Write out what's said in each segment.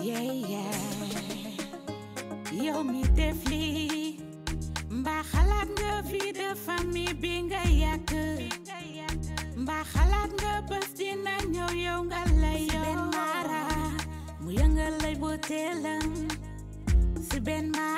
Yeah, yeah. yow mi def lii mbaa xalaat nga vie de famille bi nga yàq mbaa xalaat nga bés dina ñëw yow nga lay yow. si benn mara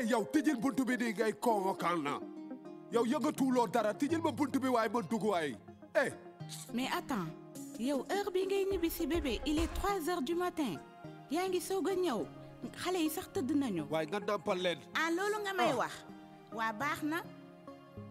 hey yow tijjil buntu bi nii ngay convoquant na yow lo dara tijjil ma buntu bi waaye ma dugg waay eh. mais attends yow heure bi ngay ñibbi si bébé il est 3 heures du matin yaa ngi soog a yi sax tëdd nañu. waaye nga dàmpal leen. ah loolu nga may ah. wax. Wa bax na.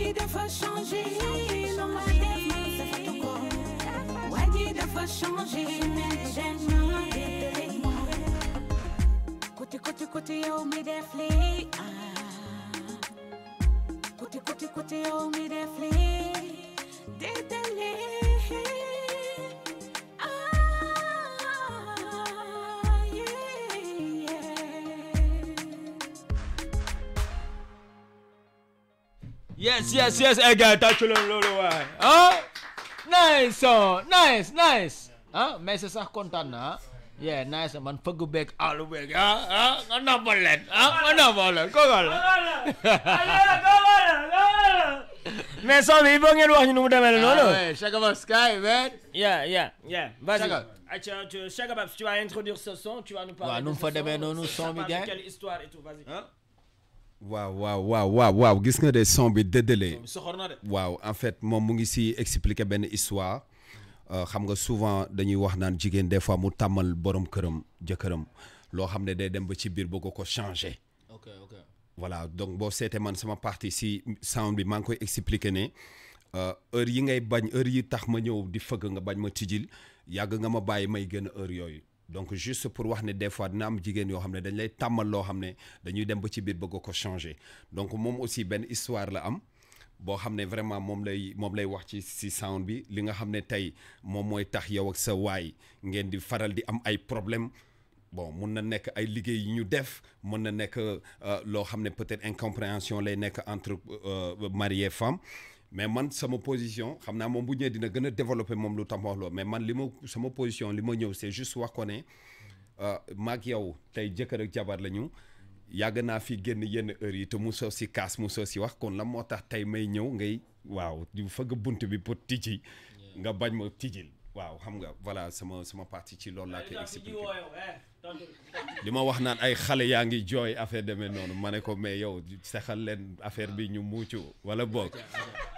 Wadi des fois changer, non Wadi des fois changer, Côté côté côté yo oh, me defle, ah. côté côté côté yo me defle, Yes, yes, yes. Hey, guys, t'as tué le way. Hein? Nice, oh. nice, nice. Ah, Mais c'est ça, content, hein? Yeah, nice man. Fugu back all the way. Ah, ah, ngana bolen. Ah, ngana bolen. Ko gal. Mais ça, mais bon, il va nous demander non non. Chaka Bob Sky, man. Yeah, yeah, yeah. Vas-y. Chaka, tu, Chaka tu vas introduire ce son, tu vas nous parler. Ouais, nous faut demander non nous son, Miguel. Quelle histoire et tout, vas-y. Hein? waaw waaw waaw waaw waaw gis nga des sons bi dédélé. waaw en fait mom mu ngi si expliquer ben histoire euh, xam nga souvent dañuy wax nan jigen des fois mu tamal borom kërëm, jëkkëram Lo xamné day dem ba ci bir bu ko ko changé ok ok voilà donc bon, c'était man sama partie si sound bi maa ngi koy expliquer ne euh, heure yi ngay bañ heure yi tax ma ñëw di fëgg nga bañ ma tijil yag nga ma bàyyi may gën heure yooyu donc juste pour wax ne des fois dina am jigen yo dañ lay tamal lo dañuy donc aussi ben histoire la am vraiment lay lay wax si sound bi li nga tay mom moy tax yow ak sa bon def euh, peut-être incompréhension lay entre euh, mari et femme mais man sama position xamna mom bu ñëwee dina gën développer mom lu tam wax loolu mais man li ma sama position li ma ñëw c'est juste wax ko euh maag yow tay jëkër ak jabar lañu yàgg naa fi génn yenn heure yi te mosoo si kaas mosoo si wax kon la motax tay may ñëw ngay waaw du fëgg buntu bi pour tijji nga bañ ma tijjil waaw xam nga voilà sama sama parti ci loolu la koy expliqué eh, li ma wax naan ay xale yaa ngi jooy affaire demee noonu ma ne ko mais yow sexal leen affaire bi ñu muucu wala boog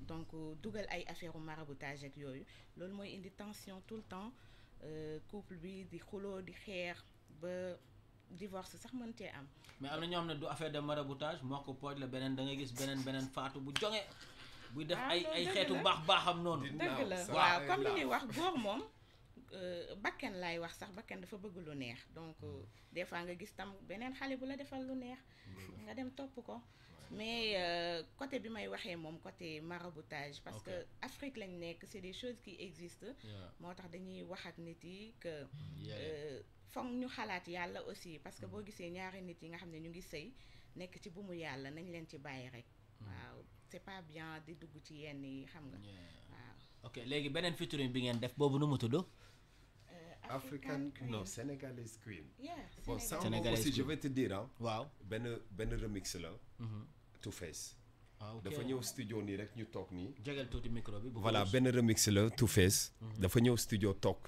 donc euh, dougal ay affaire u maraboutage ak yoyu lolou moy indi tension tout le temps euh couple bi di xuloo di xeex ba divorce sax mën cee am. mais amna na ñoo xam du affaire de maraboutage moo ko pooj la beneen da nga gis benen benen faatu bu joŋe. buy def ah, ay ay xéetu bax baxam non dëgg la waaw comme li ñuy wax mom euh bakken lay wax sax bakken dafa bëgg lu neex donc euh, des fois nga gis tam benen xalé bu la defal lu neex. Mm. nga dem top ko mais euh, côté bi may waxee moom côté maraboutage parce okay. que Afrique lañ nekk c'est des choses qui existent moo tax dañuy wax ak nit yi que euh, foog ñu xalaat yalla aussi parce que mm. bo gisee ñaari nit yi nga xam ñu ngi sey nek ci bumu yalla nañ leen ci bàyyi rek mm. waaw c'est pas bien di dugg ci yenn yi xam nga waaw ok légui benen featuring bi ngeen def bobu nu mu tudd euh, African, African non Sénégalais Queen. Yeah, bon ça aussi je vais te dire ah. waaw ben, ben remix là. -hmm. Two Face. Ah, fa ñëw studio nii rek ñu toog nii. jagal tuuti micro bi. voilà benn remix la Two Face. Mhm. dafa ñëw studio toog.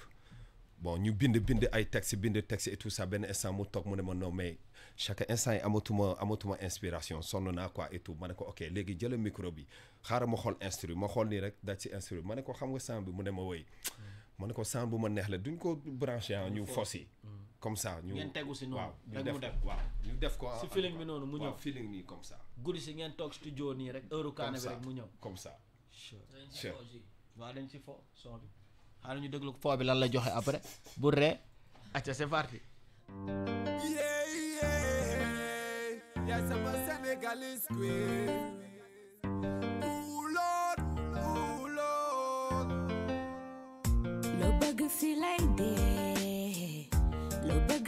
bon ñu bind bind ay texte bind texte et tout ça benn instant mu toog mu ne ma non mais chaque instant yi amatuma amatuma inspiration sonn naa quoi et tout ma ne ko ok léegi jëla micro bi xaar ma xool instru ma xool nii rek daaj si instru ma ne ko xam nga son bi mu ne ma woy mhm. ma ne ko son bu ma neex la duñ ko branché ah, ñu fos mhm. comme ça ñu ngeen tegu si waaw ñu def waaw ñu def ko feeling bi noonu mu feeling nii comme ça guddi si ngeen studio ni, rek heure kaane bi rek mu comme ça sure waaw dañ si fo son bi xaaral ñu déglu fo bi lan la joxe après bu acca c'est parti yeah yeah yeah y'a queen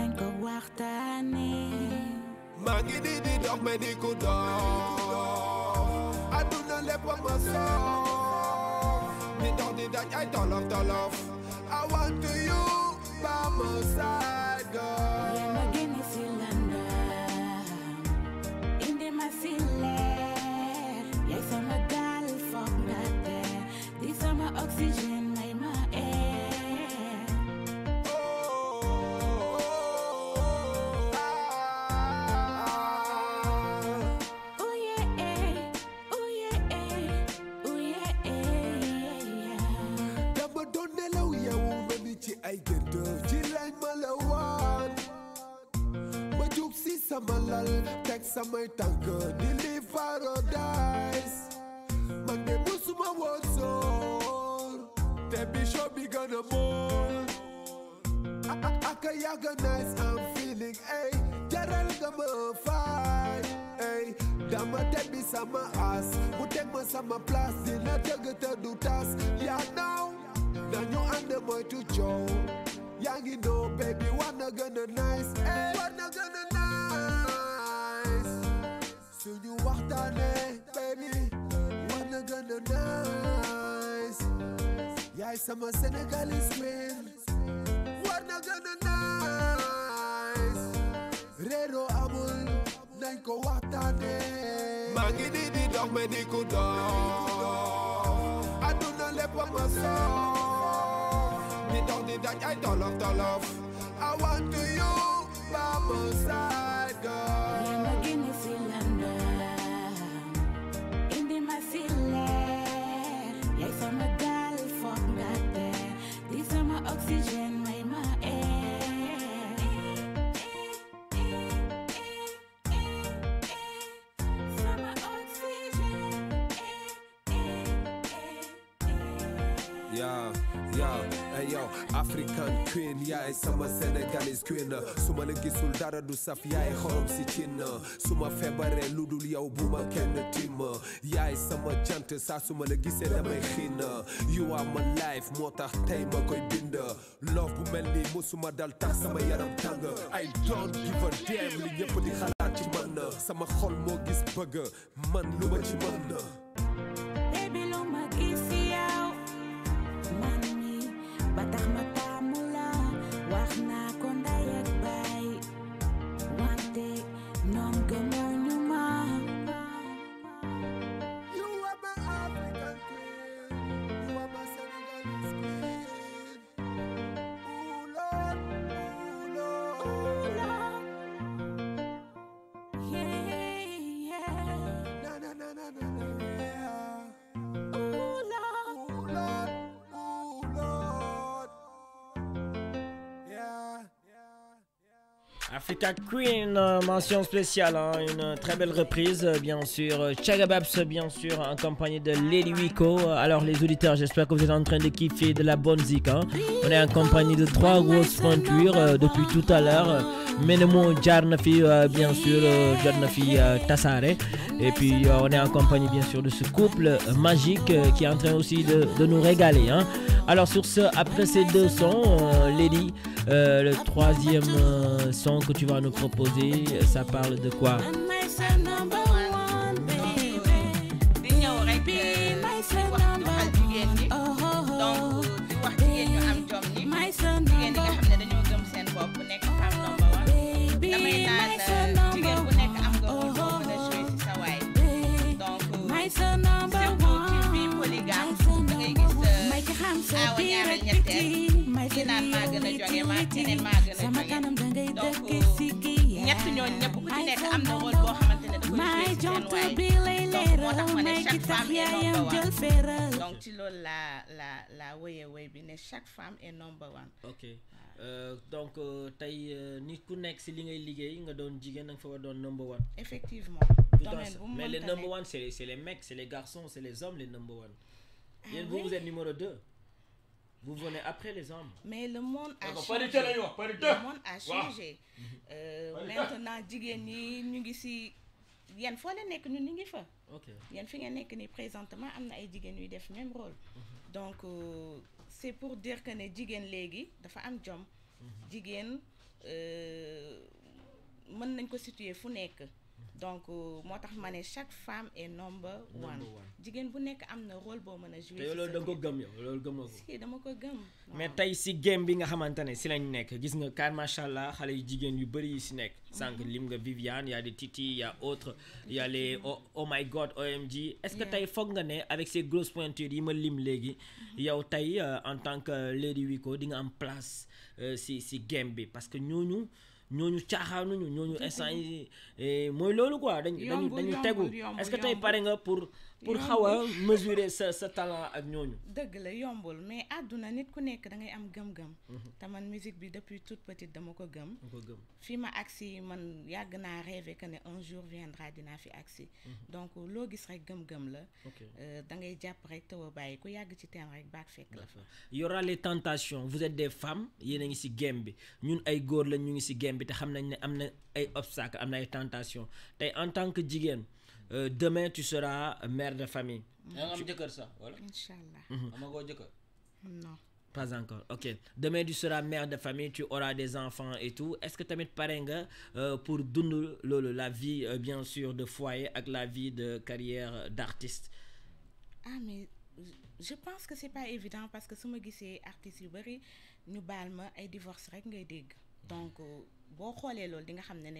nañ ko waxtaanee. maa ngi di di dox mais di ko dox. àdduna lépp ma di dox di daj ay tolof tolof. I want to you by my side girl. samai tango deliver or dies Magde musuma wosor Te bishop be gonna more Aka yaga nice I'm feeling ay Jarel gama fight ay Dama te be sama ass Mutek ma sama plus Dina tege te do tas Ya now Nanyo ande moy to chow Yangi know baby wanna gonna nice ay Wallahi sama Senegalese win What na gën a nice réero amul nañ ko waxtaane maa ngi nii di dox me ni ku dox adduna lépp ma soof di dox di daj ay I want to you by my side girl yaa indi ma oxygen. queen yaay sama sénégalais queen su ma la du saf yaay xorom si cin su ma feebaree lu dul yow bu ma kenn tim uh. yaay sama jant saa su you are my life moo tax tey ma love bu mel ni musuma dal tax sama yaram tàng I don't give a damn li ñëpp di xalaat ci man sama xol moo gis bëgg man lu ma ci Baby lu gis yow man mi ba tax one day, You are African queen You are Senegalese queen Ooh ooh Africa Queen, euh, mention spéciale, hein, une très belle reprise, euh, bien sûr. Euh, Chagababs, bien sûr, en compagnie de Lady Wico. Alors, les auditeurs, j'espère que vous êtes en train de kiffer de la bonne zik. Hein. On est en compagnie de trois grosses pointures depuis tout à l'heure. Menemo Jarnafi, bien sûr, Jarnafi Tassare. Et puis, on est en compagnie, bien sûr, de ce couple magique qui est en train aussi de, nous régaler. Hein. Alors, sur ce, après ces deux sons, Lady. Euh, le troisième euh, son que tu vas nous proposer, ça parle de quoi donc la number one. ok euh, donc euh, euh, nit ku li ngay number one. effectivement mais les number c'est les mecs c'est les garçons c'est les hommes les number vous ah vous êtes numéro deux. Vous venez après les hommes. Mais le monde a changé. Le monde a changé. Mhm. Euh, maintenant nous sommes ñu ngi que nous Nous sommes ngi nous présentement même rôle. Mhm. donc euh, c'est pour dire que là, nous sommes dafa am jom. là, mhm. euh, nous donc euh, moo tax mané chaque femme est number one. jigéen bu nek am rôle bo mën jouer. da nga gëm yow ko. si dama ko gëm. mais tay si game bi nga xamantane si lañ nek gis nga car machallah xalé xale yu jigéen yu si nek mhm. sank lim nga Viviane y a des Titi y a autre y a les oh, oh my god OMG. est-ce que tay fogg nga né avec ces grosses pointures yi ma lim légui mhm. yow tay euh, en tant que Lady Wiko di nga am place euh, si si game bi parce que ñooñu. ñooñu caaxaanuñu ñooñu instant yi eh, mooy loolu quoi dañu dañu tegu est-ce que tey pare nga pour pour xawa mesurer ce ce talent ak ñooñu. dëgg la yombul mais aduna nit ku nekk da ngay am gëm-gëm. Mhm. te man musique bi depuis toute petite dama ko gëm. fi ma aksi man yàgg naa rêvé que ne un jour viendra dinaa fi aksi mhm. donc loo gis rek gëm-gëm la. Euh, da ngay jàpp rek te woo bàyyi ku yàgg ci teen rek baag fekk la fa. y aura les tentations vous êtes des femmes yéen a ngi si gem bi ñun ay góor la ñu ngi si gem bi te xam nañ ne am na ay obstacles am na ay tentations tey en tant que jigéen. Euh, demain tu seras mère de famille. Mhm. Non. Pas encore. OK. Demain tu seras mère de famille, tu auras des enfants et tout. Est-ce que tu as de euh, pour donner la vie euh, bien sûr de foyer avec la vie de carrière d'artiste Ah mais je pense que c'est pas évident parce que si je suis artiste yu bari ñu baal ay divorce Donc euh, beaucoup les loolu di nga xam ne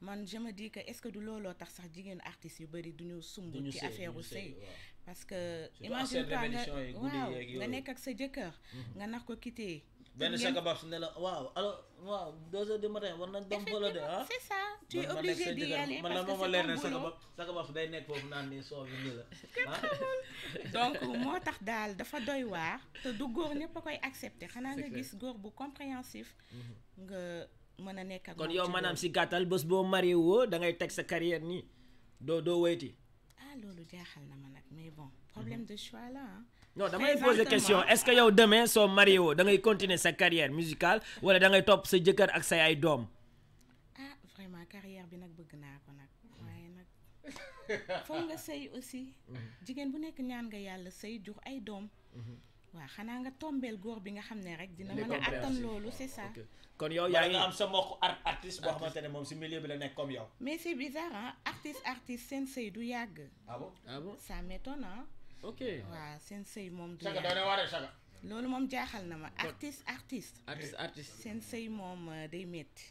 man je me dis que est-ce que du looloo tax sax jigéen artiste yu bari duñu sumb ci affaire u sëy parce que imagine toi nga waaw nga nekk ak sa jëkkër mhm. nga nax ko quitter benn sakabab su ne la waaw alors waaw deux heures du matin war nañ dem fële de ah c'est ça tu es obligé d'y aller man la moom ma leer ne sakabab sakabab day nekk foofu naan ni soow bi nii la ah. donc moo tax daal dafa doy waar te du góor ñëpp a koy accepter xanaa nga gis góor bu compréhensif mhm. nga mën a nekk ak. kon yow maanaam si gàttal bés boo marié woo da ngay teg sa carrière nii doo doo wayti. ah loolu jaaxal na ma nag mais bon problème mhm. de choix la hein. non damay poser question est-ce que yow demain soo marié woo da ngay continuer sa carrière musicale wala da ngay topp sa jëkkër ak say ay doom. ah vraiment carrière bi nag bëgg naa ko nag waaye nag foog nga sëy aussi. Mhm. jigéen bu nekk ñaan nga yàlla sëy jur ay doom. Mhm. waaw xanaa nga tombeel góor bi nga xam ne rek dina mën a attan loolu c'est ça kon yow yaa ngi am sa mbokk art artiste boo xamante ne moom si milieu bi la nekk comme yow mais c'est bizarre ah artiste artiste seen sëy du yàgg ah bon ah bon moom loolu moom jaaxal na ma artiste artiste artiste seen sëy moom euh, day métti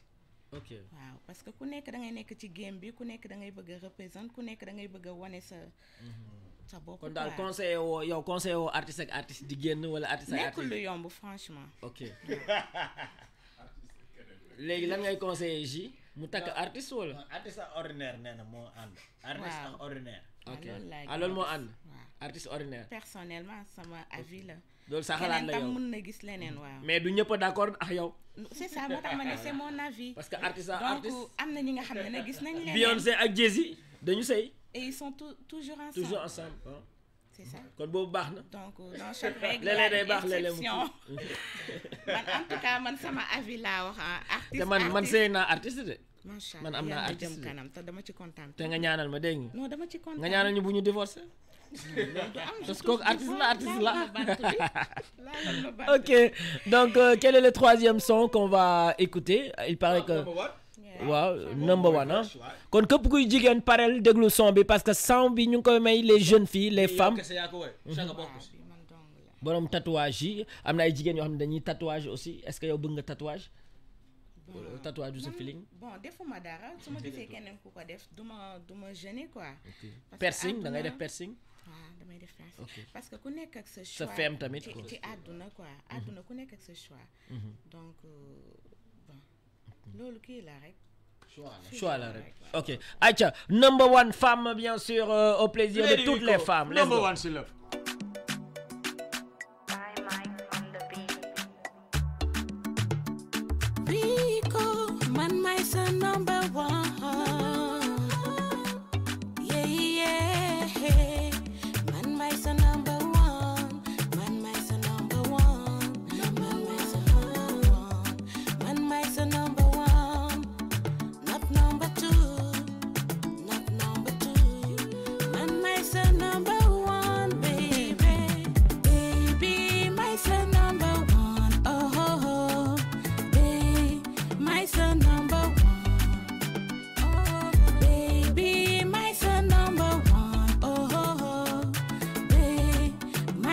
ok waaw parce que ku nekk da ngay nekk ci game bi ku nekk da ngay bëgg a représenter ku nekk da ngay bëgg a wane sa mm-hmm. sa bopp kon daal conseiller woo yow conseiller woo artiste ak artiste di génn wala artiste ak artiste nekkul lu yomb franchement. ok léegi lan ngay conseil ji mu takk artiste wala. artiste ordinaire nee na moo ànd. artiste ordinaire. Ah, ok ah loolu moo ànd. artiste ordinaire. personnellement sama avis la. loolu sa xalaat la yow mën na gis leneen waaw. mais du ñëpp d' accord yow. c' ça moo tax ma ne c' mon avis. parce que artiste artiste donc am na ñi nga xam ne gis nañ leneen. ak dañu sëy. et ils sont toujours ensemble. Toujours ensemble. Hein. C'est ça. Kon Donc euh, dans chaque règle, en tout cas man sama avis hein. artiste de? man un artiste man artiste Je kanam te ma non je suis contente. parce que artiste artiste ok, donc euh, quel est le troisième son qu'on va écouter Il paraît ah, que waaw number one ah kon képp kuy jigéen pareel déglu son bi parce que son bi ñu ngi koy may les jeunes filles les femmes mhm. ah, borom tatouage yi am na ay jigéen yoo xam ne dañuy tatouage aussi est-ce que yow bëgg nga tatouage tatouage du sa feeling bon defuma dara suma ma gisee keneen ku ko def duma duma du ma gêner quoi piercing da ngay def piercing waaw ah, damay def piercing parce que ku nekk ak sa choix sa femme tamit ci aduna quoi aduna mhm. ku nekk ak sa choix mhm. donc euh, loolu kii la choix ok Aïcha number one femme bien sûr euh, au plaisir de toutes les femmes. number one c'est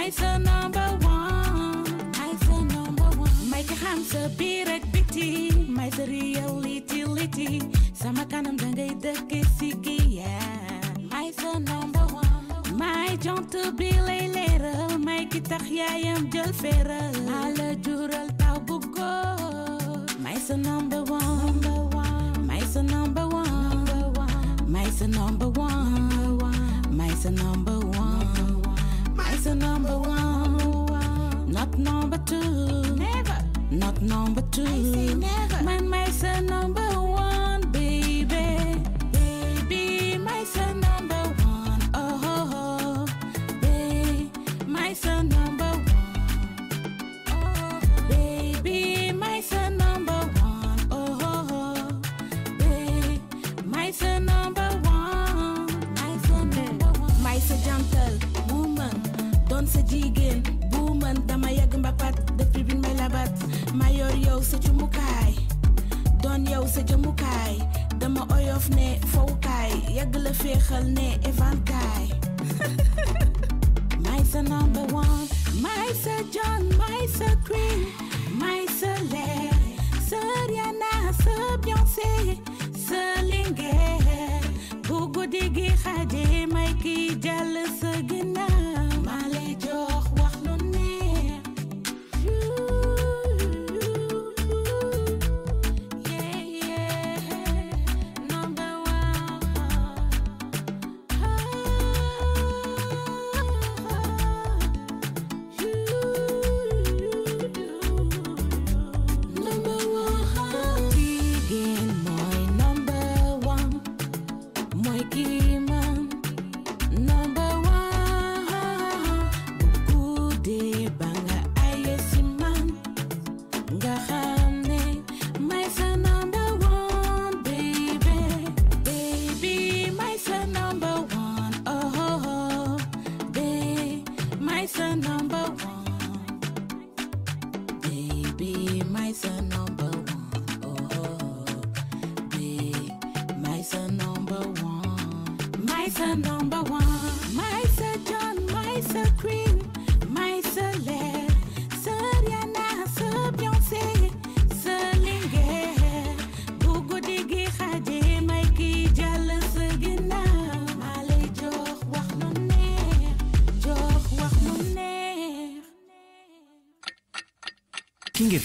Hyse number one. Hyse number one. My kahamsa birak biti. My real liti liti. Sama kanam dangay da kisiki. Yeah. Hyse number one. My jump to be lay later. My kitak yayam jal fera. Ala jural tabuko. My son number one. Number one, number one, my son number one, number one, my son number one. He's a number one, not number two. Never, not number two. I say never. Man, my son number one. doon yow sa jëmukaay dama oyof ne la ne number one my Sir John my Sir Queen my Sir leer sa Rihanna sa Beyoncé bu guddi gi xaajee may ja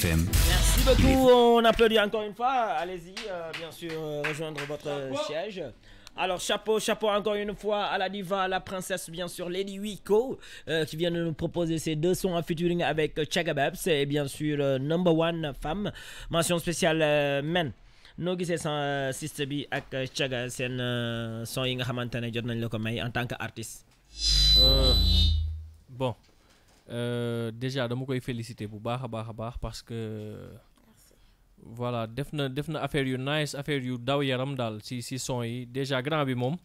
Merci beaucoup. On applaudit encore une fois. Allez-y, euh, bien sûr, euh, rejoindre votre siège. Alors, chapeau, chapeau encore une fois à la diva, à la princesse, bien sûr, Lady Wiko, euh, qui vient de nous proposer ses deux sons en featuring avec Chagababs et bien sûr Number One Femme. Mention spéciale Men. Nous, c'est sa sister bi avec Chaga, c'est son yi nga xamante en tant qu'artiste. bon euh, déjà dama koy féliciter bu baax a baax a baax parce que. voilà def na def na affaire yu nice affaire yu daw yaram daal si si son yi déjà grand bi moom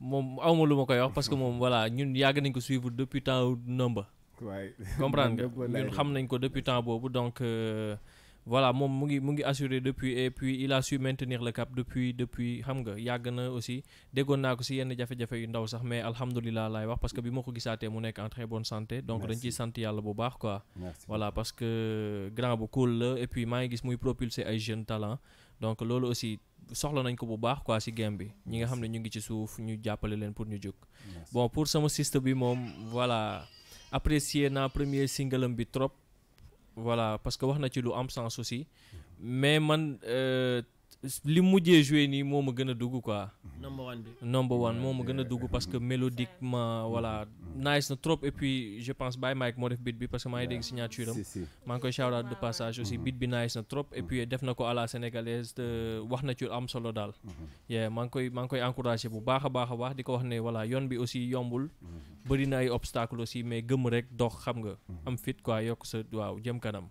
moom awma lu ma koy wax parce que moom voilà ñun yàgg nañ ko suivre depuis temps number comprendre nga ñun xam nañ ko depuis temps boobu donc. Euh, voilà mon mu ngi assuré depuis et puis il a su maintenir le cap depuis depuis xam nga aussi na aussi déggoon si yenn jafé jafé yu ndaw sax mais alhamdoulillah lay wax parce que bi ko gissaté mu nek en très bonne santé donc dañ ci sant yalla bu baax quoi voilà parce que grand bu cool et puis maa ngi gis muy propulser ay jeunes talents donc lolo aussi soxla nañ ko bu baax quoi ci game bi ñi nga xamné ñu ngi ci souf ñu jappalé len pour ñu juk bon pour sama système bi mom voilà apprécier na premier single bi trop voilà parce que wax na ci lu am sens aussi mais man euh, li mujjee joué nii moo ma gën a dugg quoi. number one bi number one moo ma gën a dugg parce que mélodiquement voilà nice na trop et puis je pense by Mike moo def beat bi parce que maa ngi dégg signature am. maa ngi koy shout out de passage aussi mm-hmm. beat bi nice na trop et puis def na ko à la sénégalaise wax na ci lu am solo daal. Mm-hmm. maa ngi koy maa ngi koy encouragé bu baax a baax a baax di ko wax ne voilà yoon bi aussi yombul. Mm-hmm bëri na ay obstacle aussi mais gëm rek dox xam nga mhm. am fit quoi yokk sa waaw jëm kanam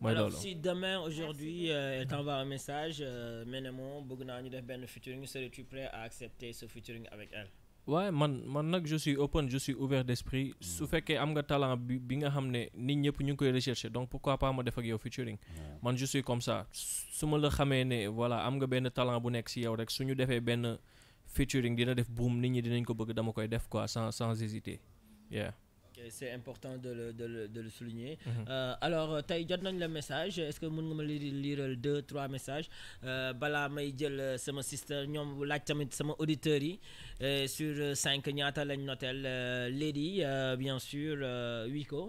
mooy loolu si demain aujourd'hui euh, elle t'envoie un message euh, mais ne moom bëgg naa ñu def benn featuring serais-tu prêt à accepter ce featuring avec elle waaye man man nag je suis open je suis ouvert d'esprit mhm. su fekkee am nga talent bi bi nga xam ne nit ñëpp ñu ngi koy rechercher donc pourquoi pas ma def ak yow featuring man je suis comme ça su ma la xamee ne voilà am nga benn talent bu nekk si yow rek suñu defee benn featuring dina def boom nit ñi dinañ ko bëgg dama koy def quoi sans sans hésiter yeah. c'est important de le de le de le souligner. Mm-hmm. Euh, alors euh, tay jot nañ le message est-ce que mën nga ma liiral deux trois messages euh, bala may jël euh, sama sister ñom laaj tamit sama auditeur yi sur cinq ñaata lañ noteel Lady bien sûr Wiko.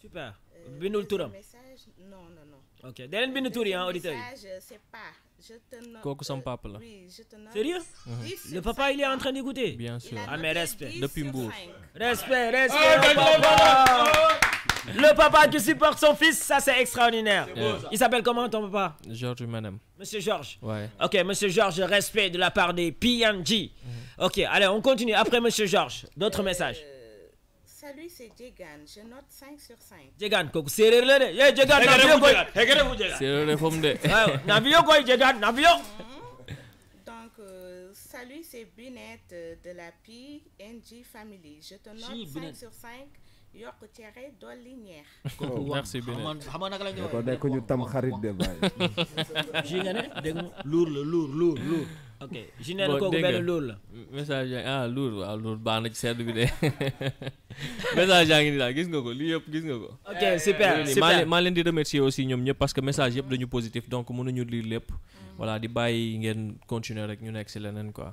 Super. Bindul Touram. Euh, message non non non. ok da leen bind hein, auditeur. message, message euh, c'est pas je te nomme. que euh, son papa là. oui je te nomme. sérieux. le papa il est en train d'écouter. bien sûr ah mais respect. depuis Mbour. respect ah, respect le papa. le papa qui supporte son fils ça c'est extraordinaire. il s'appelle comment ton papa. Georges madame. monsieur Georges. ouais. ok monsieur Georges respect de la part des PNG. Mhm. ok allez on continue après monsieur Georges d'autres messages. Salut, c'est Djegan. Je note 5 sur 5. Djegan, c'est séeréer le de. yee Djegan n'a vu hegere fu Djegan. séeréer la foofu de. waaw ah, naafiyo mhm. Donc, euh, salut, c'est Binette euh, de la PNG Family. Je te note 5 sur 5. yokk cere dolli oh, merci Binette. Je nga naka la ko ñu tam xarit de bàyyi. ji lourd, lourd, lourd, lourd. ok ju nee na kooku benn lour la message yaa ngi ah loolu waaw lour baax na ci sedd bi de message yaa ngi ni daal gis nga ko lii yëpp gis nga ko ok super super maa leen di remercier aussi ñoom ñëpp parce que message yëpp dañu positif donc mënuñu lire lépp mm. voilà di bàyyi ngeen continuer rek ñu nekk si leneen quoi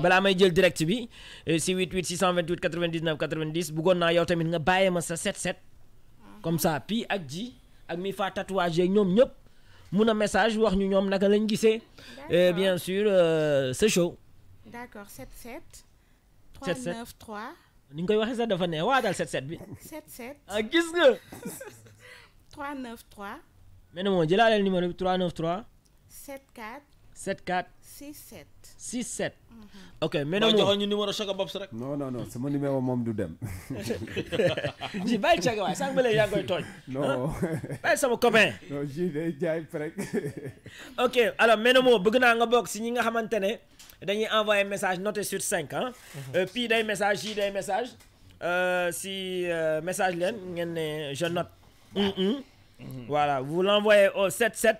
bala may jël direct bi eh, si 88 628 99 90 yow tamit nga sa 7 comme ça pi ak ji ak mi un tatouage ñom ñep message wax ñu ñom naka eh, bien sûr euh, ce show. 3 7 77. 393 77 ni dafa 7-7. 7-7. bi. 77 ah, gis nga. 393. mais le numéro bi 393. 74. 7, 4. 6, ok maintenant 7. Ok. mais numéro non non C'est mon numéro mon du dem pas bàyyi Chaka waay sànq ba léegi yaa ngi non hein? mais non copain non je day jaay ok alors maintenant moo nga box, si vous nga xamante ne envoyez un message noté sur 5 ah puis un message ji day message euh, si euh, message leen ngeen je note ah. mm-hmm. Mm-hmm. voilà vous l'envoyez au 7, 7.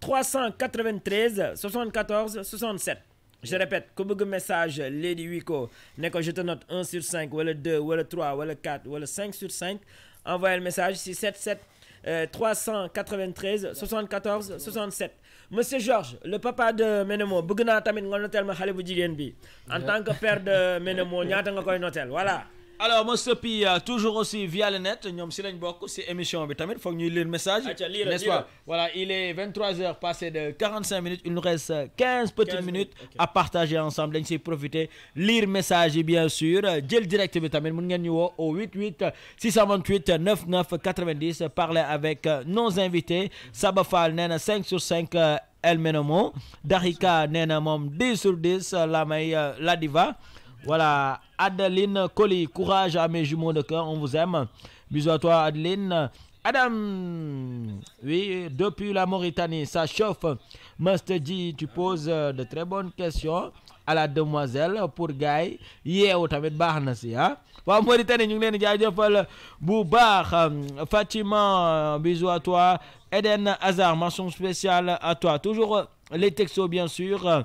393 74 67 je répète ku un message Lady Wiko ne que je te note 1 sur 5 ou le 2 ou le 3 ou le 4 ou le 5 sur 5 envoyez le message 677 77 393 74 67 monsieur Georges le papa de Menemo vous tamit un noteel ma xale en tant que père de Menemo vous nga un hôtel voilà alors monsieur P toujours aussi via le net nous sommes sur bokk émission bi tamit nous ñuy lire message nest voilà il est 23 h passé de 45 minutes il nous reste 15 petites minutes à partager ensemble avons profiter lire message bien sûr jël direct bi tamit mun au 88 628 99 90 parler avec euh, nos invités Sabafal Fall 5 sur 5 euh, El Darika nee 10 sur 10 euh, la la diva voilà, Adeline Colli, courage à mes jumeaux de cœur, on vous aime. Bisous à toi, Adeline. Adam, oui, depuis la Mauritanie, ça chauffe. Must tu poses euh, de très bonnes questions à la demoiselle pour Guy. Yeah, tamit baax si ah. Mauritanie ñu Mauritanie, nous di bu Fatima, euh, bisous à toi. Eden Hazard, mention spéciale à toi. Toujours euh, les textos, bien sûr.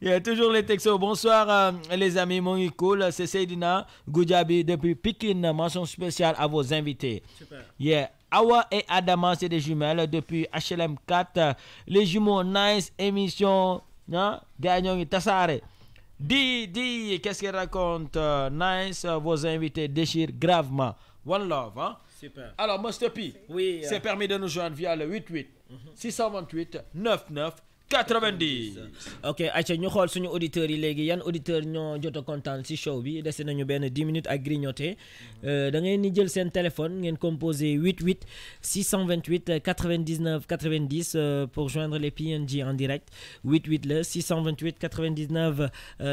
Il y a toujours les textos. Bonsoir euh, les amis, mon cool. C'est Seydina Goudjabi depuis Pékin. Mention spéciale à vos invités. Super. Yeah. Awa et Adama, c'est des jumelles depuis HLM 4. Les jumeaux, nice émission. Gagnon hein? Gagnons Tassare. Dis, dis, qu'est-ce qu'elle raconte euh, nice, euh, vos invités déchirent gravement. One love. Hein? Super. Alors, Master P, oui, c'est permis de nous joindre via le 88 628 99 90. ok à ñu xool suñu auditeurs yi léegi yan auditeur ñoo show bi nañu 10 minutes à grignoter. Euh, da un ni jël seen téléphone ngeen composé 88 628 99 90 pour joindre les PNJ en direct 88 le 628 99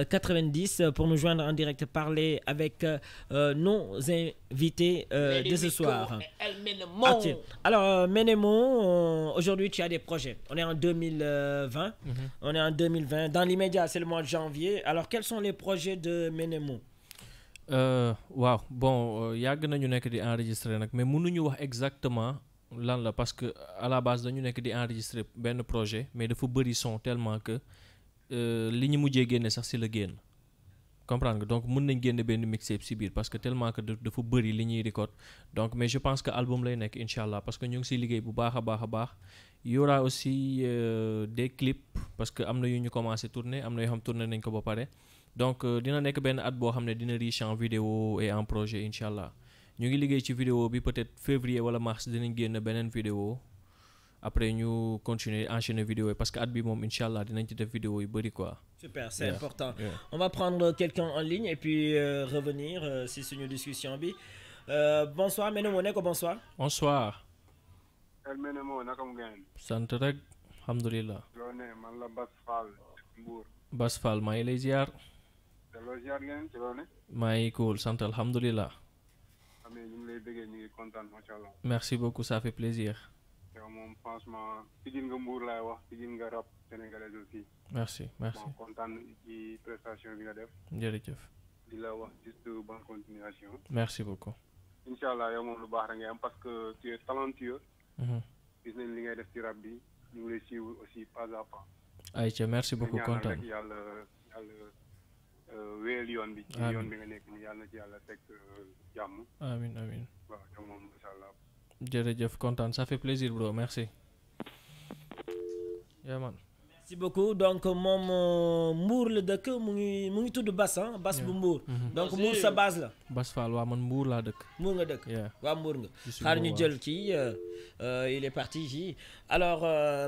90 pour nous joindre en direct parler avec euh, euh, nos invités de ce soir. Alors Menemo aujourd'hui tu as des projets. On est en 2020. Mhm. On est en 2020. Dans l'immédiat, c'est le mois de janvier. Alors, quels sont les projets de Menemo euh, Wow. Bon, il y a enregistré, mais nous pas exactement là parce que à la base nous avons di enregistrer projet mais dafa bëri son tellement que euh, les gens mujjee génne sax si le comprendre nga donc mën nañ génne benn mixtape si biir parce que tellement que dafa bëri li ñuy record donc mais je pense que album lay nekk incha allah parce que ñu ngi siy liggéey bu baax a baax a baax y aussi euh, des parce que am na yu ñu commencé tourner am na yoo xam tourner nañ ko ba pare donc euh, dina nekk benn at boo xam ne dina riche en vidéo et en projet incha allah ñu ngi liggéey ci vidéo bi peut-être février wala mars dinañ génn beneen vidéo après ñu continuer enchaîner vidéo parce que at bi moom incha allah dinañ ci def vidéo yu bëri quoi. super c'est yeah. important yeah. on va prendre quelqu'un en ligne et puis euh, revenir euh, si suñu discussion bi euh, bonsoir Mené Mo ko bonsoir. bonsoir. El Mené Mo naka ngeen. sant rek alhamdoulillah loo ne man la Bas Fall Mbour. Bas Fall lay ziar. delloo ziar ngeen ci loo ne. cool sant alhamdoulillah amé ñu ngi lay bëggee ñu ngi content machallah merci beaucoup ça fait plaisir. mon franchement pas nga mbuur gembur wax tijjil Garap, sénégalais aussi merci merci ma kontaan ci prestation bi nga def jërëjëf di la wax juste bonne continuation merci beaucoup inshallah yow moom lu baax parce que tu es talentueux gis nañ li ngay def ci rab bi ñu ngi lay aussi pas à pas ayca merci beaucoup kontaan yàlla yàlla euh, bi ci yoon bi nga nekk ni yàlla na amin amin waaw yow moom suis content ça fait plaisir bro merci. man. merci beaucoup donc mon euh, mour le dëkk mu ngi mu basse, basse Bas ah mm-hmm. donc mour sa base là. Basse Fall wa man mour la dëkk. Mour nga dëkk. Wa mour. nga. xaar ñu euh, euh, il est parti ji alors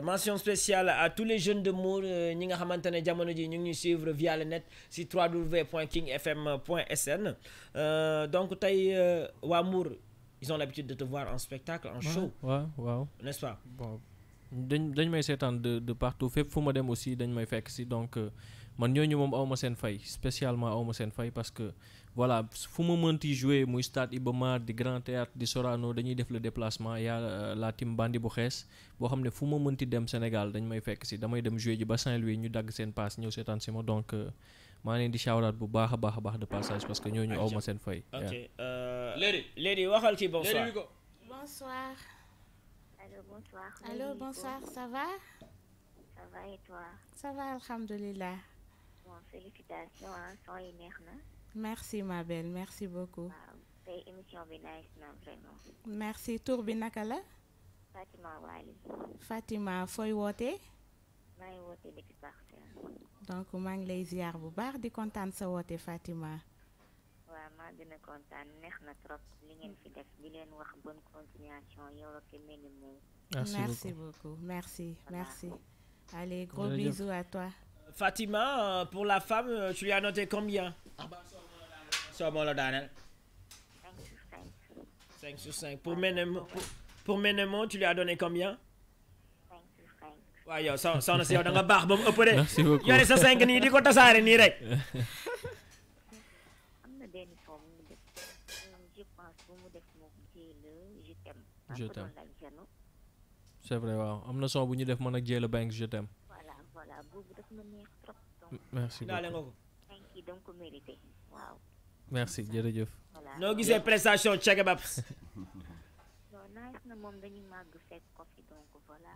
mention spéciale à tous les jeunes de mour. ñi nga xamante ne jamono ji ñu suivre via le net si www.kingfm.sn donc as wa mour ils ont l'habitude de te voir en spectacle, en show. Ouais, waouh. n'est-ce pas. bon dañ dañ de de partout fépp fu ma dem aussi dañ may fekk donc euh, man ñooñu moom awma seen fay spécialement awma seen fay parce que voilà fu ma mënti jouer muy stade Iba du Grand Théâtre du Sorano dañuy def le déplacement a euh, la team bandi bu xees boo xam ne fu ma dem Sénégal dañ may fekk si damay dem jouer ji bassin Saint-Louis ñu dagg seen passe ñëw seetaan si donc. Euh, maa leen di shawaraat bu baax a baax a baax de passage parce que ñooñu aw ma seen fay. ok euh, léegi léegi waxal ci bonsoir bonsoir. allo bonsoir. allo bonsoir ça va. ça va et toi. ça va alhamdulilah. bon félicitations ah son yi neex na. merci ma belle merci beaucoup. waaw tey émission bi nice na vraiment. merci Tour, bi naka la. Fatima Wali. Fatima fooy wootee. maa ngi wootee depuis Parcelles donc mang lay ziar bu baax di contane sa wote Fatima. wa ma gën a kontaan neex na trop li ngeen fi def di leen wax bonne continuation yow ak Mimi Mbaye. merci beaucoup merci merci. allez gros bisous à toi. Fatima euh, pour la femme euh, tu lui as noté combien. so mo la danel 5 sur 5. Pour sur pour Ménémon pour Ménémon tu lui as donné combien. waaw yow so soxna si yow da nga baax ba mu ëpp de. merci beaucoup yore sa cinq nii di ko tasaare nii rek. am na benn son mu je t'aime. c'est vrai waaw am na son bu ñu def man ak Dieyla Banks je t'aime. voilà voilà merci beaucoup eh. merci jërëjëf. noo gisee prestation Cheikh Babs. non nice na moom dañu màgg fekk ko fi donc voilà.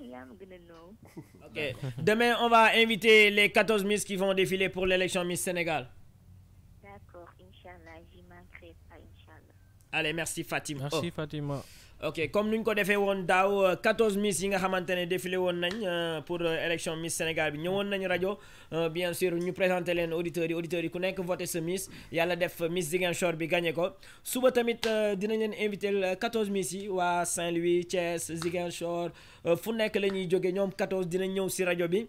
Demain, on va inviter les 14 Miss qui vont défiler pour l'élection Miss Sénégal. D'accord, Inch'Allah, j'y manquerai Inch'Allah. Allez, merci Fatima. Merci oh. Fatima ok comme nous ko defee won daw 14 miss yi nga xamantene défilé won nañ euh, pour euh, élection Miss Sénégal bi ñëwoon nañ radio euh, bien sûr ñu présenter leen auditeurs yi auditeurs yi ku nekk voter ce miss yalla def Miss Ziguinchor bi gagné ko suba tamit dinañ leen inviter 14 miss yi Saint-Louis Thiès Ziguinchor fu nekk lañuy joggé ñom 14 dinañ ñëw ci radio. bi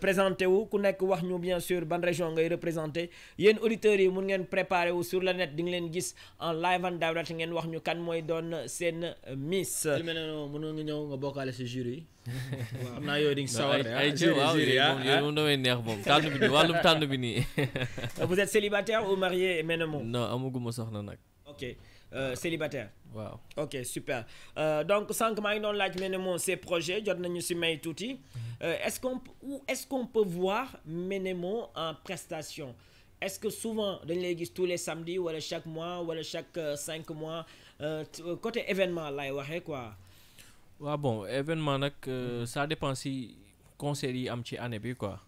présenter wu ku nekk wax ñu bien sûr ban région ngay représenter yéen auditeur yi mën ngeen préparé wu sur la net di nga gis en live and direct ngeen wax ñu kan moy donne sen Miss. jury vous êtes célibataire ou marié non je ok euh, célibataire. ok super euh, donc 5 mois ngi c'est projet. projets euh, est-ce qu'on est-ce qu'on peut voir Ménémo en prestation est-ce que souvent tous les samedis Ou chaque mois ou chaque cinq mois. Euh, côté événement lay waxee quoi. waa bon événement nag euh, ça dépense si concert yi am ci année bi quoi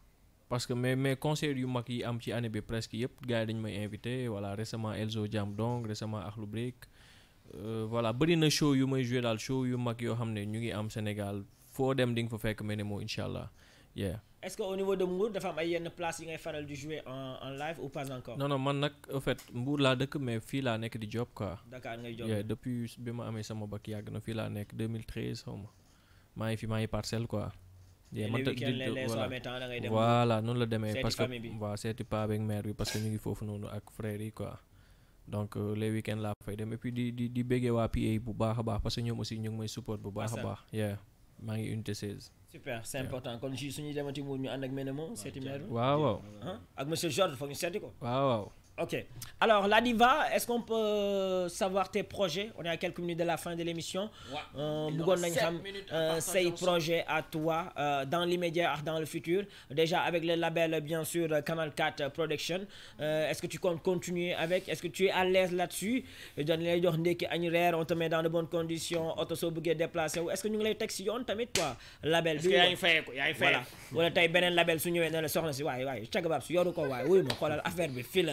parce que mais mais concert yu mag yi am ci année bi presque yëpp gars yi dañu may invité voilà récemment Elzo Jam Dong récemment Akhlou Brick euh, voilà bëri na show yu may joué daal show yu mag yoo xam ne ñu ngi am Sénégal foo dem di nga fa fekk mel ne moo allah yeah. est-ce qu'au au niveau de Mbour il y a une place yi jouer en live ou pas encore. non non man en fait Mbour suis là depuis que di job quoi. job depuis que j'ai mon bac là, 2013 ma parcelle quoi. les week-ends les voilà nous, la demain parce que c'est mère parce que ñu ngi que frère quoi. donc euh, les week-ends fay puis PA bu parce que nous aussi nous support bu baax yeah, yeah super c' important kon jii suñuy demati ñu ànd ak Ménémo seeti maire waaw waaw ah, ak monsieur Georges foog ñu seeti ko. waaw waaw. Ok. Alors, la diva, est-ce qu'on peut euh, savoir tes projets On est à quelques minutes de la fin de l'émission. Ouais. Euh, euh, ces projets à toi, euh, dans l'immédiat, dans le futur. Déjà, avec le label, bien sûr, euh, Canal 4 euh, Production. Euh, est-ce que tu comptes continuer avec Est-ce que tu es à l'aise là-dessus Dans les journées qui annulèrent, on te met dans de bonnes conditions, on te sauvegarde déplacé. Est-ce que nous les textes, on t'a met toi, label Est-ce qu'il y a une fête Il Voilà. le taille, label, si nous sommes dans le sort, on se dit, ouais, ouais, chaque barbe, si on a un affaire, mais file,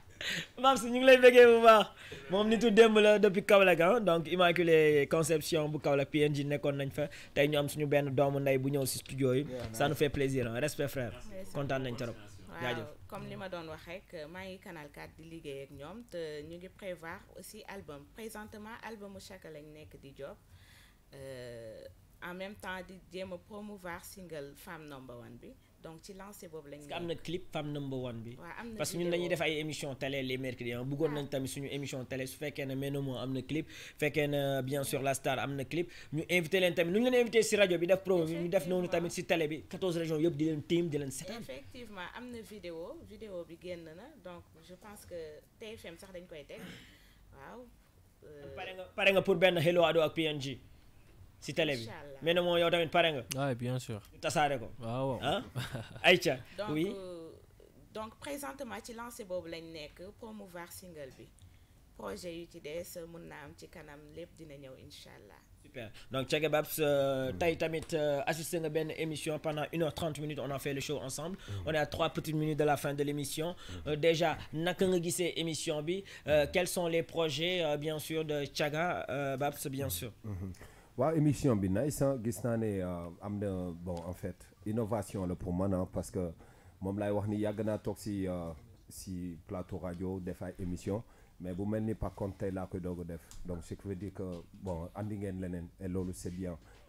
Mams ñu ngi lay vous bu baax moom nitu démb la depuis Kaolack ah. donc Immaculée Conception bu Kaolack PNG Nous nañ fa tey ñu am suñu benn doomu bu studio ça nous fait plaisir hein. respect frère Content nañ trop waaw comme je vous doon wax rek ngi Canal 4 di liggéey ak ñoom te ñu ngi prévoir aussi album présentement albumu Chaka lañ nekk di job euh, en même temps di allons promouvoir le single Femme Number 1 donc ci lancé boobu lañ. parce am na clip femme number one bi. parce que ñun dañuy def ay émission télé les mercredis ah. bëggoon nañ tamit suñu émission télé su fekkee ne Ménomo am na clip. fekkee na bien sûr la star am na clip ñu invité leen tamit nu ñu leen invité si rajo bi def promo bi ñu def noonu tamit si télé bi 14 régions yëpp di leen team di leen seetaan. effectivement am na vidéo vidéo bi génn na donc je pense que TFM sax dañ koy teg waaw. Euh, pare nga pare nga pour benn Hello Ado ak PNG si télé bi mais non moom yow tamit pare nga. bien sûr. tasaare ko. Ah, waaw ah. Aïcha oui euh, donc présentement ci lancé boobu lañ nekk promouvoir single bi projet yu ci des mun naa am ci kanam lépp dina ñëw incha Super. Donc, Tchèque Babs, euh, tu Tamit, euh, assisté à une émission pendant 1h30 minutes. On a fait le show ensemble. Mm. On est à 3 petites minutes de la fin de l'émission. Mm. déjà, cette émission B. quels sont les projets, bien sûr, de Chaga Babs, bien sûr mm-hmm. L'émission émission bi nice hein. euh, bon en fait innovation pour moi, hein, parce que moi laay wax ni euh, si plateau Radio, émission mais vous ne pas par contre que donc ce qui veut dire que bon andi c'est bien.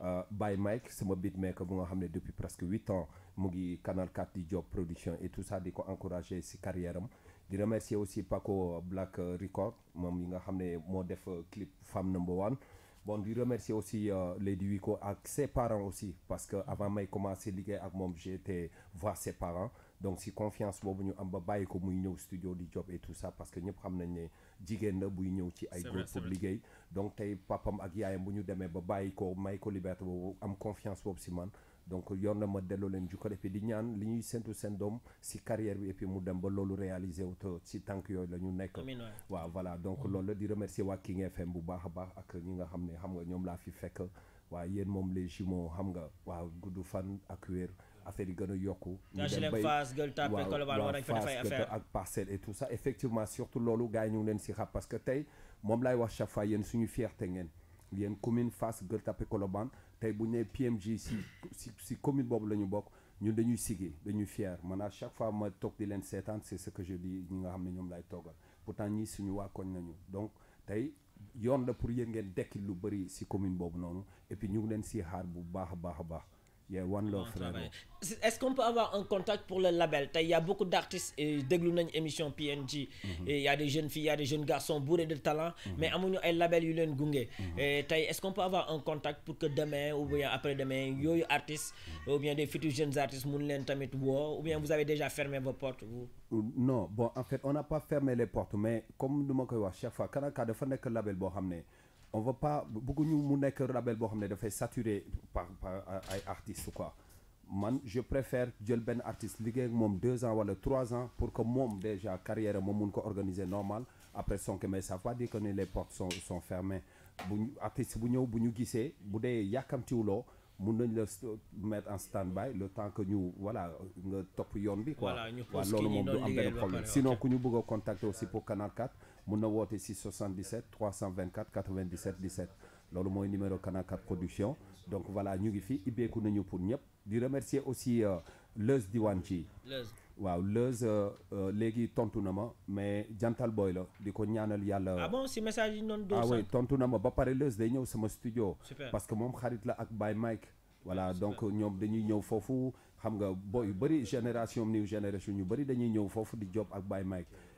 Euh, by Mike c'est mon beatmaker mère nga depuis presque 8 ans mu Canal 4 di job production et tout ça di ko encourager ses carrière Je remercie aussi Paco Black Record qui yi nga xam mon euh, clip Femme Number One bon di aussi euh, Lady Wiko et ses parents aussi parce que avant à commencer liguer moi, j'ai j'étais voir ses parents donc si confiance bobu ñu am ba bàyyi ko muy ñëw studio di job et tout ça parce que ñëpp xam nañ né jigéen la buy ñëw ci ay groupe pour liggéey donc tay papam ak yaayam bu ñu démé ba bàyyi ko may ko liberté am confiance bobu si man donc yoon na ma delloo leen jukkal et puis di ñaan li ñuy sentu sen doom si carrière bi et puis mu dem ba loolu réaliser wu te si tànk yooyu la ñu nekk waaw voilà donc loolu di remercier waa King FM bu baax a baax ak ñi nga xam ne xam nga ñoom laa fi fekk waaw yéen moom les jumeaux xam nga waaw gudd fan ak wér et tout ça effectivement surtout lolo gagne une parce que tay mom lay chaque fois yens suñu fierté commune face Gueule tapé Colobane tay bu PMG si si si commune bobu lañu bok ñun dañuy dañuy fier man à chaque fois ma tok di c'est ce que je dis ñi nga pourtant ñi suñu wa koñ nañu donc tay yoon la pour yeen ngeen lu si commune bobu nonu et puis ñu ngi si bu est-ce qu'on peut avoir un contact pour le label Il y a beaucoup d'artistes et déglu émission PNG. il mm-hmm. y a des jeunes filles, il y a des jeunes garçons bourrés de talent. Mm-hmm. mais a un label yu est mm-hmm. très est-ce qu'on peut avoir un contact pour que demain ou après demain il y des artistes ou bien des futurs jeunes artistes mun ou bien vous avez déjà fermé vos portes non bon en fait on n'a pas fermé les portes mais comme nous le koy chaque fois Kanaka fait un label boo on va pas nous mu nekk label boo xam ne dafay saturé par par euh, artiste artistes quoi man je préfère jël ben artiste liggéey ak moom deux ans wala trois ans pour que mom déjà carrière mom mon ko organiser normal après son que mais ça pas dire que les portes sont sont fermées bu artiste bu ñëw bu ñu gisee bu dee yàkkamtiwuloo mën nañ le mettre en stand by le temps que ñu voilà nga top yoon bi quoi voilà ñu moom du am benn problème sinon ku ñu bëgg contacter aussi pour Canal 4 mun na woote si 77 324 97 17 loolu mooy numéro 4 production donc voilà ñu ngi fi ibbeeku nañu pour ñëpp di remercier aussi euh, Leuz diwanchi. ci waaw Leuz euh, euh, léegi tontu na mais Djantal Boy, la di ko ñaanal yàlla. ah bon si message non noonu. ah oui tontu na ma ba pare Leuz day ñëw sama studio. parce que moom xarit la ak Bay Mike. voilà donc ñoom dañuy ñëw fofu, xam nga boy yu génération new génération ñu bari dañuy ñëw fofu di job ak bay Mike.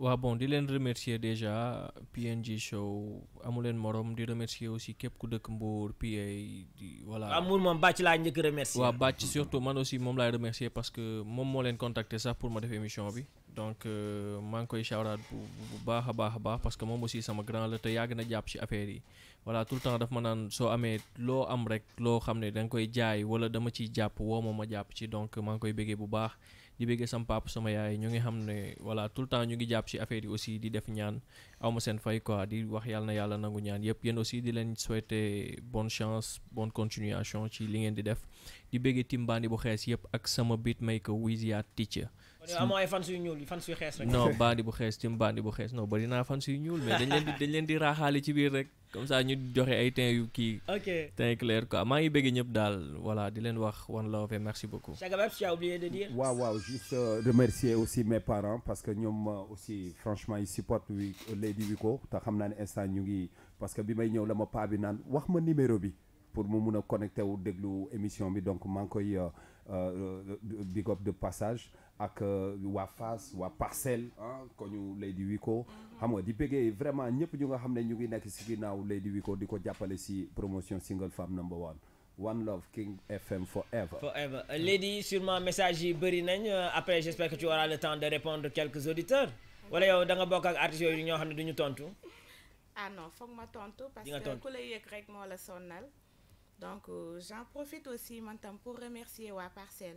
waaw bon di leen remercier déjà PNG show amu leen morom di remercier aussi képp ku dëkk Mbour PA di voilà. waaw Mbour moom Bàcc laa njëkk remercier. waaw Bàcc surtout man aussi moom laay remercier parce que moom moo leen contacter sax pour ma def émission bi donc euh, maa ngi koy shawraat bu bu baax a baax a baax parce que moom aussi sama grand la te yàgg na jàpp ci affaire yi voilà tout le temps daf ma naan soo amee loo am rek loo xam ne da koy jaay wala dama ciy jàpp woo ma ma jàpp ci donc maa ngi koy bëggee bu baax. di bëggee sama papa sama yaay ñu ngi xam ne voilà tout ñu ngi jàpp ci affaire aussi di def ñaan aw seen fay quoi di wax yàlla na yàlla nangu ñaan yëpp yéen aussi di leen souhaiter bonne chance bonne continuation ci li ngeen di def di bëggee timbaandi bu xees yëpp ak sama beatmaker Wizia Teacher. si amoo ay fan suy ñuul fan suy xees rek. non baandi bu xees tim baandi bu xees non bari naa fan suy ñuul mais dañ leen di dañ leen di raaxaale ci biir rek. comme ça ñu joxe ay teint yu kii. ok teint clair quoi maa ngi bëgg ñëpp daal voilà di leen wax one love et merci beaucoup. Chagabab, tu as oublié de dire. waaw waaw juste euh, remercier aussi mes parents parce que ñoom euh, aussi franchement ils supportent wi euh, Lady Wiko te xam naa ne instant ñu ngi parce que bi may ñëw la ma paa bi naan wax ma numéro bi pour mu mun a connecté wu déglu émission bi donc maa ngi koy big up de passage ak euh, Wafas, Waparcel, wa parcel ah ko ñu Lady Wiko xam nga di bëggee vraiment ñëpp ñu nga xam ne ñu ngi nekk ci ginnaaw Lady Wiko Diko ko jàppale promotion single femme number one One Love King FM forever. Forever. Euh, Lady sûrement message yi nañ euh, après j'espère que tu auras le temps de répondre quelques auditeurs wala yow da nga bokk ak artistes yooyu ñoo xam ne duñu tontu. ah non que ma tontu. parce que ku la yëg rek moi la sonnal donc j'en profite aussi maintenant pour remercier Waparcel.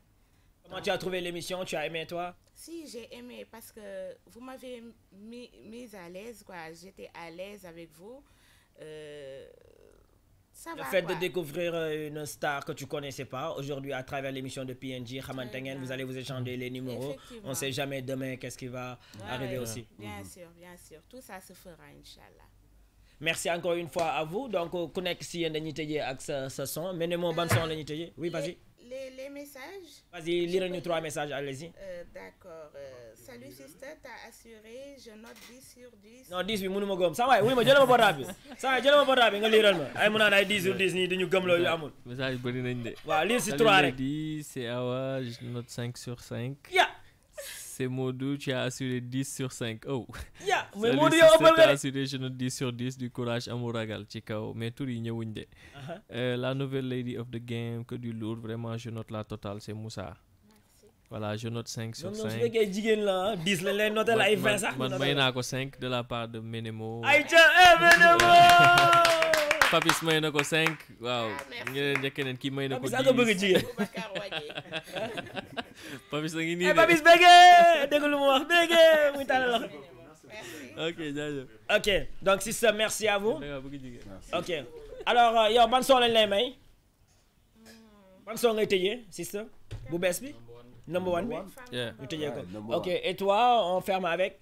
Comment tu as trouvé l'émission Tu as aimé toi Si, j'ai aimé parce que vous m'avez mis, à l'aise, quoi. J'étais à l'aise avec vous. Euh, ça le fait de découvrir euh, une star que tu connaissais pas aujourd'hui à travers l'émission de PNJ, Hamantengen, vous allez vous échanger les numéros. On ne sait jamais demain qu'est-ce qui va arriver aussi. Bien mhm. sûr, bien sûr. Tout ça se fera, Inch'Allah. Merci encore une fois à vous. Donc, connectez euh, vous si yéen ce son mais mon band son oui vas-y. les, les messages. Vas-y, lire-nous trois messages, allez-y. Euh, D'accord. Euh, salut, sister, t'as assuré, je note 10 sur 10. Non, 10, oui, mon nom Ça va, oui, mais je ne vais pas Ça va, je ne vais pas Je lire. Je sur 10, ni de nous amul. Message, bon, il y a 10. Lire sur 3. 10, note 5 sur 5. Yeah! c'est Modou, tu as assuré 10 sur 5. Oh. Yeah, mais Modou yow ëppal nga assuré je note 10 sur 10 du courage amul ragal ci kaw mais tout yi ñëwuñ de. Euh, la nouvelle lady of the game que du lourd vraiment je note la totale c'est Moussa. voilà je note 5 sur 5 la 10 ah, lañ la 20 man 5 de la part de Menemo. eh Menemo! Papis may 5 waaw ñeneen ah, ñekkeneen ki may na Papis Papis a Papis wax ok ok donc si ça merci à vous ok alors euh, yow ban son lañ lay may hmm. ngay bu bi number one Yeah. ok et toi on ferme avec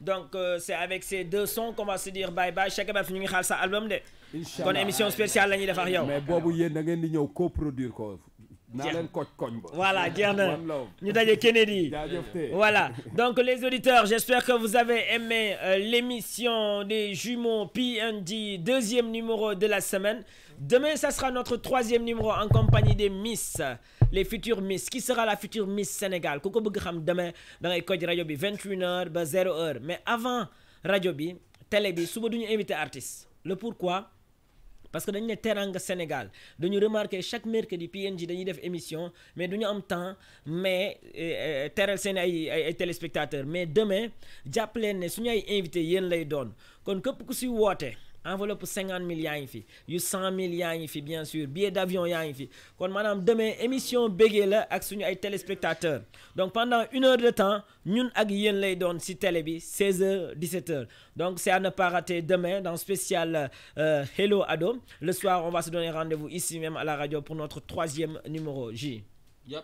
donc euh, c'est avec ces deux sons qu'on va se dire bye bye chaque va finir sa album de. une émission spéciale mais coproduire voilà Gernan. Kennedy. voilà donc les auditeurs j'espère que vous avez aimé euh, l'émission des jumeaux PND deuxième numéro de la semaine demain ça sera notre troisième numéro en compagnie des Miss les futures Miss qui sera la future Miss Sénégal que ko demain dans ngay de Radio bi 21h 0h mais avant radio, bi télé bi suba du invité artiste le pourquoi. parce que le terrain Teranga Sénégal dañu remarqué chaque mercredi PNJ avons une émission mais nous avons am temps mais euh, euh, teral seen ay ay téléspectateurs mais demain nous leen ne suñu ay invité Donc, lay doon kon nous ku enveloppe pour 50 millions, il fi yu 100 millions, yaa bien sûr billet d'avion il y fi kon demain émission bégee la ak suñu téléspectateurs donc pendant une heure de temps nous ak les lay sur si télé 16h 17h donc c'est à ne pas rater demain dans spécial euh, Hello Ado le soir on va se donner rendez-vous ici même à la radio pour notre troisième numéro J. Yep.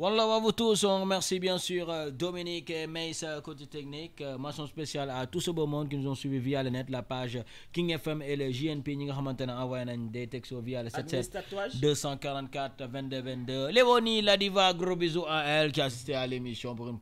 Wallah à vous tous, on remercie bien sûr euh, Dominique et Mace euh, côté technique. Euh, mention spéciale à tout ce beau monde qui nous ont suivis via le net, la page King FM et le JNP. Nous avons envoyé des textos via le 77 244 22 22. Léonie, la diva, gros bisous à elle qui a assisté à l'émission pour une